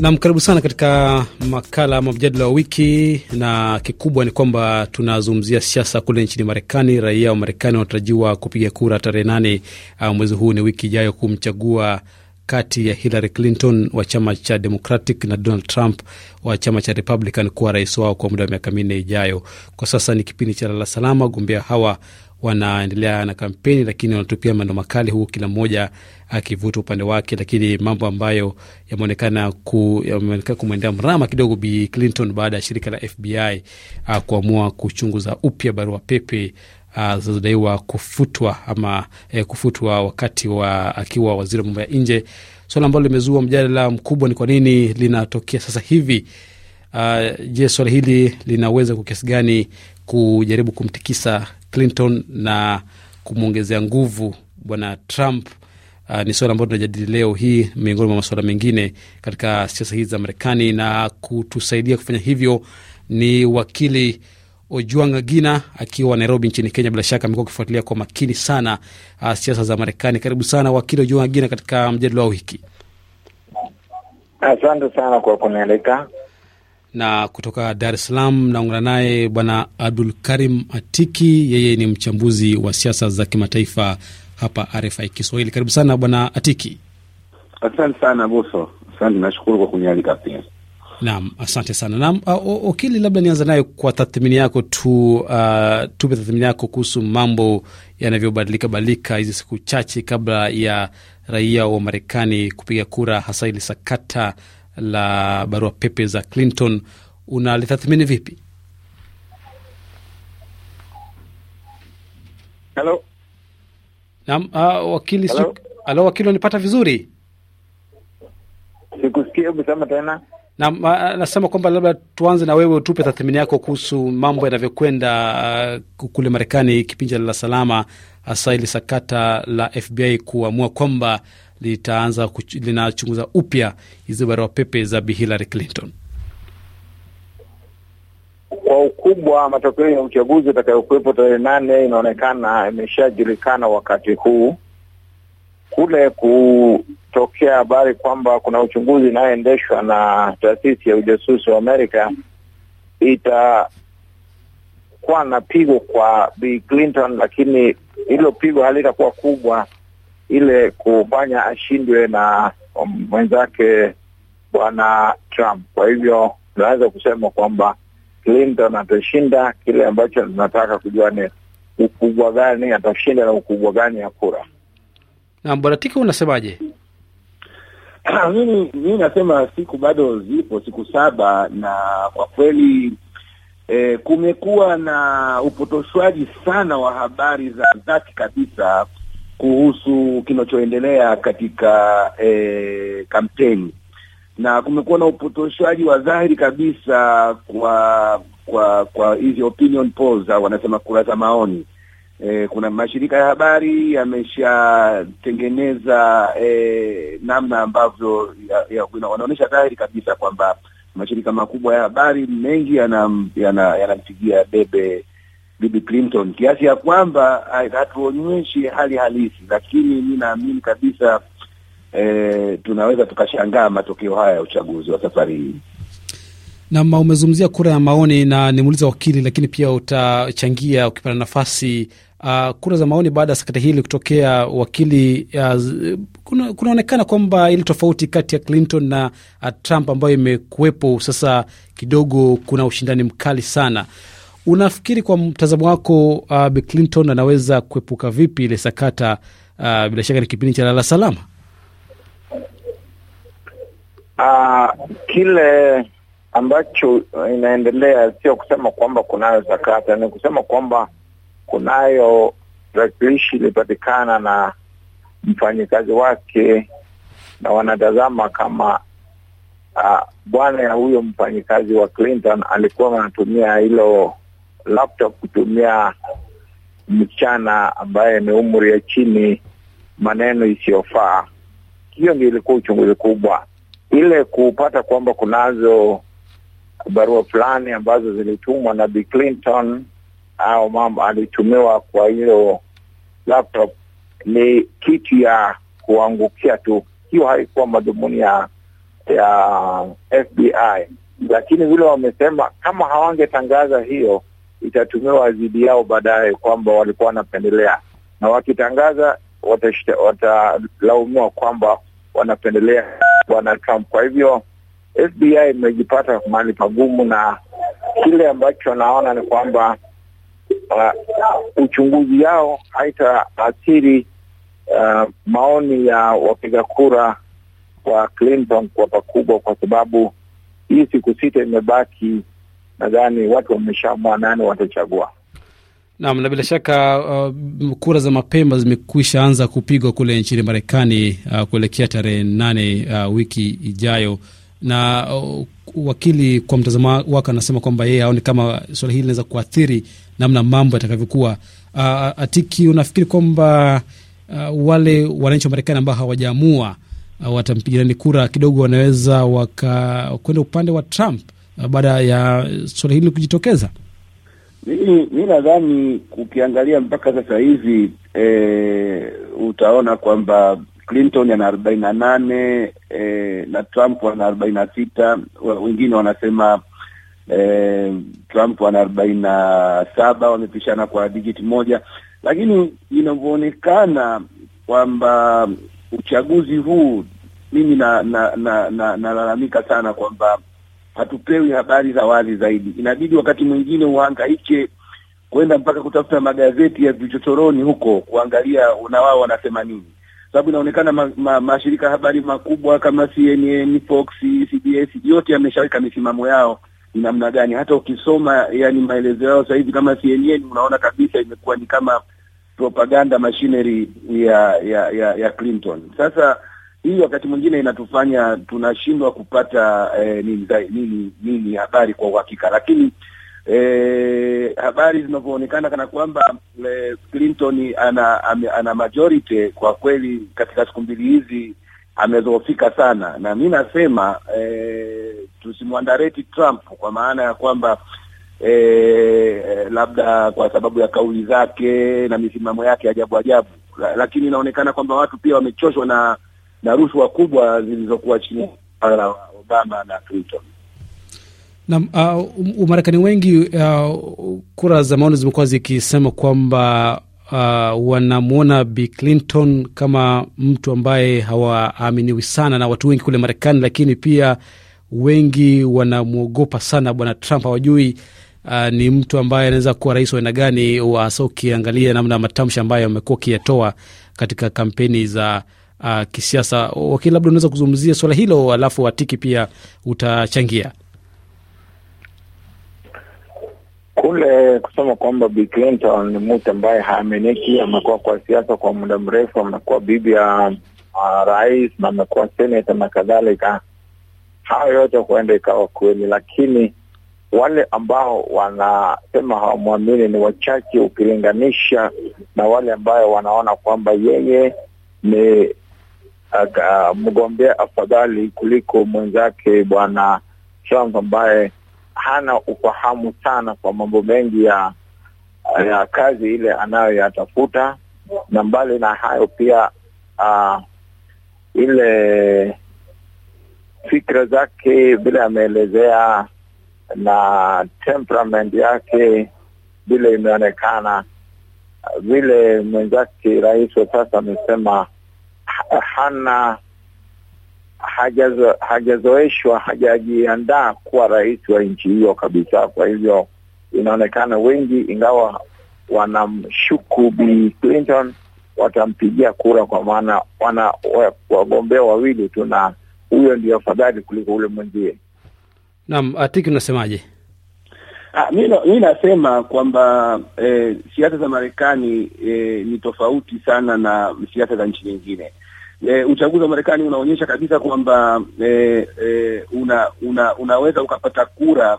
Nam, karibu sana katika makala ama mjadala wa wiki, na kikubwa ni kwamba tunazungumzia siasa kule nchini Marekani. Raia wa Marekani wanatarajiwa kupiga kura tarehe nane uh, mwezi huu, ni wiki ijayo, kumchagua kati ya Hillary Clinton wa chama cha Democratic na Donald Trump wa chama cha Republican kuwa rais wao kwa muda wa miaka minne ijayo. Kwa sasa ni kipindi cha lala salama. gombea hawa wanaendelea na kampeni, lakini wanatupia mando makali, huku kila mmoja akivuta upande wake, lakini mambo ambayo yameonekana ku, yameonekana kumwendea mrama kidogo Bi Clinton baada ya shirika la FBI uh, ah, kuamua kuchunguza upya barua pepe uh, zinazodaiwa kufutwa ama eh, kufutwa wakati wa akiwa waziri wa mambo ya nje, swala so, ambalo limezua mjadala mkubwa. Ni kwa nini linatokea sasa hivi? Uh, je, swala hili linaweza kwa kiasi gani kujaribu kumtikisa Clinton na kumwongezea nguvu bwana Trump. Uh, ni swala ambayo tunajadili leo hii miongoni mwa masuala mengine katika siasa hizi za Marekani, na kutusaidia kufanya hivyo ni wakili Ojuang Gina akiwa Nairobi nchini Kenya. Bila shaka amekuwa akifuatilia kwa makini sana uh, siasa za Marekani. Karibu sana wakili Ojuang Gina katika mjadala wa wiki. Asante sana kwa kunialika na kutoka Dar es Salaam naungana naye Bwana Abdul Karim Atiki, yeye ni mchambuzi wa siasa za kimataifa hapa RFI Kiswahili. Karibu sana Bwana Atiki. Asante sana Buso. asante, nashukuru kwa kunialika pia. Naam, asante sana. Naam, Okili, labda nianza naye kwa tathmini yako tu, uh, tupe tathmini yako kuhusu mambo yanavyobadilika badilika hizi siku chache kabla ya raia wa Marekani kupiga kura, hasa ili sakata la barua pepe za Clinton unalitathmini vipi? Halo. Naam, uh, wakili Halo. Halo, wakili unanipata vizuri? Sikusikia, sema tena. Naam, ah, nasema kwamba labda tuanze na wewe utupe tathmini yako kuhusu mambo yanavyokwenda uh, kule Marekani kipindi la salama, hasa ili sakata la FBI kuamua kwamba litaanza linachunguza upya hizi barua pepe za Bi Hillary Clinton. Kwa ukubwa matokeo ya uchaguzi atakayokuwepo tarehe nane inaonekana imeshajulikana wakati huu. Kule kutokea habari kwamba kuna uchunguzi inayoendeshwa na taasisi ya ujasusi wa Amerika itakuwa na pigo kwa Bi Clinton, lakini hilo pigo halitakuwa kubwa ile kufanya ashindwe na um, mwenzake bwana Trump. Kwa hivyo tunaweza kusema kwamba Clinton atashinda. Kile ambacho tunataka kujua ni ukubwa gani atashinda na ukubwa gani ya kura. Na bwana unasemaje? Mimi mimi nasema siku bado zipo siku saba, na kwa kweli e, kumekuwa na upotoshwaji sana wa habari za dhati kabisa kuhusu kinachoendelea katika e, kampeni na kumekuwa na upotoshaji wa dhahiri kabisa kwa kwa kwa hizi opinion polls au wanasema kura za maoni. E, kuna mashirika ya habari yameshatengeneza e, namna ambavyo ya, ya, wanaonyesha dhahiri kabisa kwamba mashirika makubwa ya habari mengi yanampigia yana, yana bebe Bibi Clinton kiasi ya kwamba eh, hatuonyeshi hali halisi, lakini mi naamini kabisa e, tunaweza tukashangaa matokeo haya ya uchaguzi wa safari hii. Nam, umezungumzia kura ya maoni na nimuuliza wakili, lakini pia utachangia ukipata nafasi. Uh, kura za maoni baada ya sakata hili kutokea, wakili, uh, kuna, kunaonekana kwamba ile tofauti kati ya Clinton na uh, Trump ambayo imekuwepo sasa kidogo, kuna ushindani mkali sana. Unafikiri kwa mtazamo wako uh, Bi Clinton anaweza kuepuka vipi ile sakata uh, bila shaka ni kipindi cha lala salama? Uh, kile ambacho inaendelea sio kusema kwamba kunayo sakata, ni kusema kwamba kunayo tarakilishi ilipatikana na mfanyikazi wake, na wanatazama kama uh, bwana ya huyo mfanyikazi wa Clinton alikuwa anatumia hilo laptop kutumia msichana ambaye ni umri ya chini maneno isiyofaa. Hiyo ndio ilikuwa uchunguzi kubwa. Ile kupata kwamba kunazo barua fulani ambazo zilitumwa na Bi Clinton au mambo alitumiwa kwa hiyo laptop ni kitu ya kuangukia tu. Hiyo haikuwa madhumuni ya ya FBI, lakini vile wamesema kama hawangetangaza hiyo itatumiwa dhidi yao baadaye, kwamba walikuwa wanapendelea, na wakitangaza watalaumiwa kwamba wanapendelea bwana Trump. Kwa hivyo FBI imejipata mahali pagumu, na kile ambacho naona ni kwamba uh, uchunguzi yao haitaathiri uh, maoni ya wapiga kura wa Clinton kwa pakubwa, kwa sababu hii siku sita imebaki nadhani watu wameshaamua nani watachagua. Naam, na bila shaka uh, kura za mapema zimekwisha anza kupigwa kule nchini Marekani uh, kuelekea tarehe nane uh, wiki ijayo na uh, wakili kwa mtazamo wake anasema kwamba yeye aone kama suala hili linaweza kuathiri namna mambo yatakavyokuwa. Uh, Atiki, unafikiri kwamba uh, wale wananchi wa Marekani ambao hawajaamua uh, watampigia nani kura kidogo wanaweza wakakwenda upande wa Trump Uh, baada ya suala hili kujitokeza? Mi nadhani ukiangalia mpaka sasa hivi e, utaona kwamba Clinton ana arobaini na nane e, na Trump ana arobaini na sita Wengine wanasema e, Trump ana arobaini na saba Wamepishana kwa dijiti moja, lakini inavyoonekana kwamba uchaguzi huu, mimi nalalamika na, na, na, na sana kwamba hatupewi habari za wazi zaidi. Inabidi wakati mwingine uhangaike kwenda mpaka kutafuta magazeti ya vichochoroni huko kuangalia una wao wanasema nini, sababu inaonekana mashirika ma, ma habari makubwa kama CNN, Fox, CBS yote yameshaweka misimamo yao ni namna gani. Hata ukisoma yani maelezo yao sasa hivi kama CNN, unaona kabisa imekuwa ni kama propaganda machinery ya ya ya, ya Clinton. Sasa hii wakati mwingine inatufanya tunashindwa kupata eh, nini, nini, nini habari kwa uhakika, lakini eh, habari zinavyoonekana kana kwamba eh, Clinton ana, ame, ana majority kwa kweli, katika siku mbili hizi amezoofika sana, na mi nasema eh, tusimwandareti Trump kwa maana ya kwamba eh, labda kwa sababu ya kauli zake na misimamo yake ajabu ajabu, lakini inaonekana kwamba watu pia wamechoshwa na na rushwa kubwa zilizokuwa chini ya Obama na Clinton. Na, uh, um, Umarekani wengi uh, kura za maoni zimekuwa zikisema kwamba uh, wanamwona Bi Clinton kama mtu ambaye hawaaminiwi sana na watu wengi kule Marekani, lakini pia wengi wanamwogopa sana Bwana Trump. Hawajui uh, ni mtu ambaye anaweza kuwa rais wa aina gani, uh, hasa ukiangalia namna matamshi ambayo amekuwa akiyatoa katika kampeni za uh, kisiasa. wakili, labda unaweza kuzungumzia swala hilo, alafu Watiki pia utachangia kule kusema kwamba Bi Clinton ni mtu ambaye haaminiki. Amekuwa kwa siasa kwa muda mrefu, amekuwa bibi ya uh, rais na amekuwa seneta na kadhalika. Hayo yote huenda ikawa kweli, lakini wale ambao wanasema hawamwamini ni wachache ukilinganisha na wale ambayo wanaona kwamba yeye ni akamgombea afadhali kuliko mwenzake bwana Trump ambaye hana ufahamu sana kwa mambo mengi ya ya kazi ile anayoyatafuta, na mbali na hayo pia uh, ile fikra zake vile ameelezea na temperament yake vile imeonekana vile mwenzake rais wa sasa amesema hana hajazo, hajazoeshwa hajajiandaa kuwa rais wa nchi hiyo kabisa. Kwa hivyo inaonekana wengi, ingawa wanamshuku Bi Clinton, watampigia kura, kwa maana wana wagombea wawili tu, na huyo ndio afadhali kuliko ule mwenzie. Naam, Atiki, unasemaje? Ah, mi nasema kwamba eh, siasa za Marekani eh, ni tofauti sana na siasa za nchi nyingine e, uchaguzi wa Marekani unaonyesha kabisa kwamba e, e, una, una, unaweza ukapata kura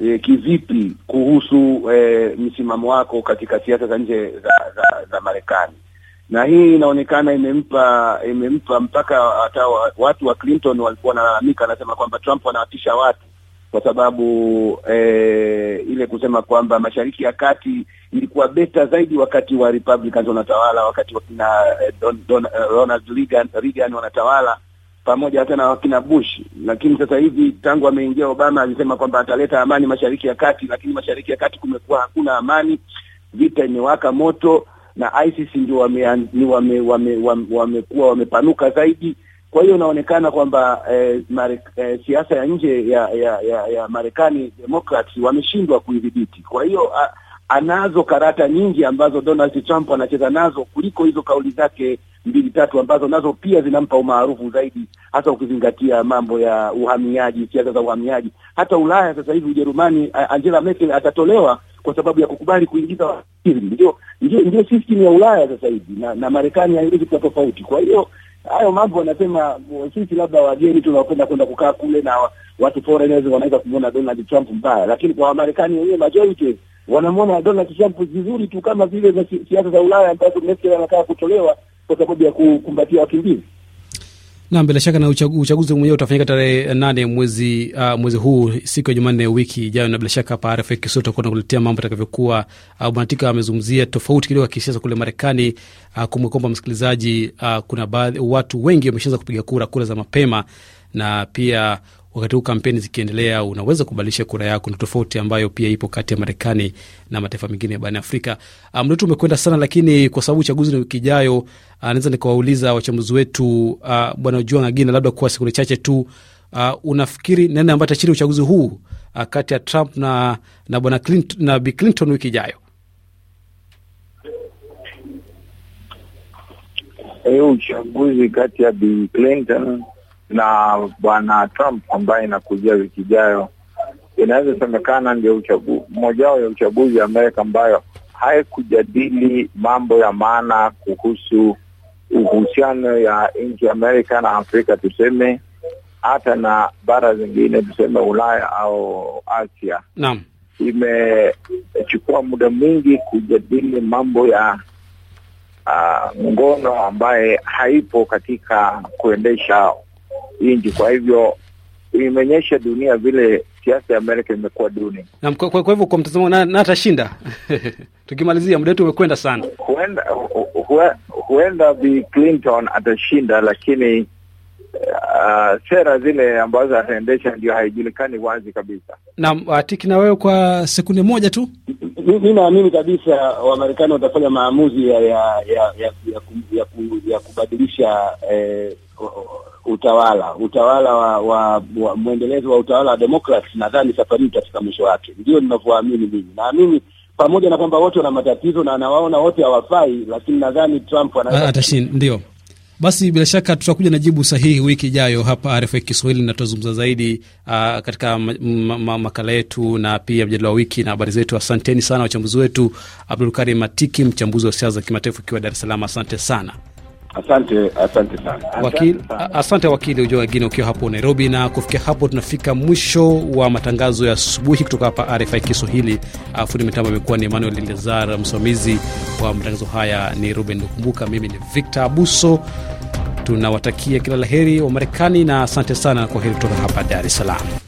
e, kivipi kuhusu e, msimamo wako katika siasa za nje za, za, za Marekani na hii inaonekana imempa imempa mpaka hata watu wa Clinton walikuwa wanalalamika, anasema kwamba Trump anawatisha watu kwa sababu e, ile kusema kwamba Mashariki ya Kati ilikuwa beta zaidi wakati wa Republicans wanatawala, wakati wakina eh, don, don, eh, Ronald Reagan, Reagan wanatawala pamoja hata na wakina Bush. Lakini sasa hivi tangu ameingia Obama alisema kwamba ataleta amani Mashariki ya Kati, lakini Mashariki ya Kati kumekuwa hakuna amani, vita imewaka moto na ISIS ndio wamekuwa wame, wame, wame, wamepanuka zaidi kwa hiyo inaonekana kwamba eh, eh, siasa ya nje ya ya, ya, ya Marekani Democrats wameshindwa kuidhibiti. Kwa hiyo anazo karata nyingi ambazo Donald Trump anacheza nazo kuliko hizo kauli zake mbili tatu ambazo nazo pia zinampa umaarufu zaidi, hasa ukizingatia mambo ya uhamiaji, siasa za uhamiaji. Hata Ulaya sasa hivi, Ujerumani, Angela Merkel atatolewa kwa sababu ya kukubali kuingiza wakili. Ndio ndio system ya Ulaya sasa hivi, na, na Marekani haiwezi kuwa tofauti. Kwa hiyo hayo mambo wanasema sisi labda wageni tunapenda kwenda kukaa kule na watu foreigners wanaweza kumuona Donald Trump mbaya, lakini kwa Wamarekani wenyewe majority wanamwona Donald Trump vizuri tu, kama vile siasa za Ulaya ambazo Merkel anakaa kutolewa kwa sababu ya kukumbatia wakimbizi. Nam, bila shaka na uchaguzi, uchaguzi mwenyewe utafanyika tarehe nane mwezi, uh, mwezi huu siku ya Jumanne wiki ijayo, na bila shaka hapa RFI Kiswahili tutakuwa tunakuletea mambo atakavyokuwa. Uh, Bwanatika amezungumzia tofauti kidogo ya kisiasa kule Marekani. Uh, kumbe kwamba msikilizaji, uh, kuna baadhi watu wengi wameshaanza kupiga kura, kura za mapema na pia wakati huu kampeni zikiendelea, unaweza kubadilisha kura yako. Ni tofauti ambayo pia ipo kati ya Marekani na mataifa mengine barani Afrika. Ah, Mdoto um, umekwenda sana, lakini kwa sababu uchaguzi ni wiki ijayo, ah, naweza nikawauliza wachambuzi wetu, uh, bwana Juang Agina, labda kwa sekunde chache tu, uh, unafikiri nani ambaye atashiri uchaguzi huu uh, kati ya Trump na na bwana Clinton, na Bi Clinton wiki ijayo? Eh, uchaguzi kati ya Bi Clinton na bwana Trump ambaye inakujia wiki ijayo, inaweza semekana ndio mmoja wao ya uchaguzi wa Amerika ambayo haikujadili mambo ya maana kuhusu uhusiano ya nchi Amerika na Afrika tuseme, hata na bara zingine tuseme Ulaya au Asia. Naam, imechukua muda mwingi kujadili mambo ya uh, ngono ambaye haipo katika kuendesha nji. Kwa hivyo imeonyesha dunia vile siasa ya Amerika imekuwa duni. kwa, kwa, kwa hivyo kwa mtazamo na, atashinda tukimalizia, muda wetu umekwenda sana. Huenda huenda, Bi Clinton atashinda, lakini Uh, sera zile ambazo ataendesha ndio haijulikani wazi kabisa. Naam, Atiki, uh, na wewe kwa sekunde moja tu. Mi naamini kabisa Wamarekani watafanya maamuzi ya ya ya, ya, ya, ya, ya, ya kubadilisha eh, utawala utawala wa, wa, wa mwendelezo wa utawala wa Democrats, nadhani safari utafika mwisho wake. Ndio ninavyoamini mimi. Naamini pamoja na kwamba wote wana matatizo na anawaona wote hawafai, lakini nadhani Trump anaweza ah, atashinda. Ndio basi, bila shaka tutakuja na jibu sahihi wiki ijayo hapa RFI Kiswahili, na tutazungumza zaidi uh, katika ma ma ma makala yetu na pia mjadala wa wiki na habari zetu. Asanteni sana wachambuzi wetu, Abdulkarim Matiki, mchambuzi wa siasa za kimataifa, ukiwa Dar es Salaam. Asante sana. Asante, asante sana, asante wakili, sana. Asante wakili Ujua wengine ukiwa hapo Nairobi. Na kufikia hapo, tunafika mwisho wa matangazo ya asubuhi kutoka hapa RFI Kiswahili. Fundi mitambo amekuwa ni Emmanuel Elezar, msimamizi wa matangazo haya ni Ruben Lukumbuka, mimi ni Victor Abuso. Tunawatakia kila la heri wa Marekani na asante sana. Kwa heri kutoka hapa Dar es Salaam.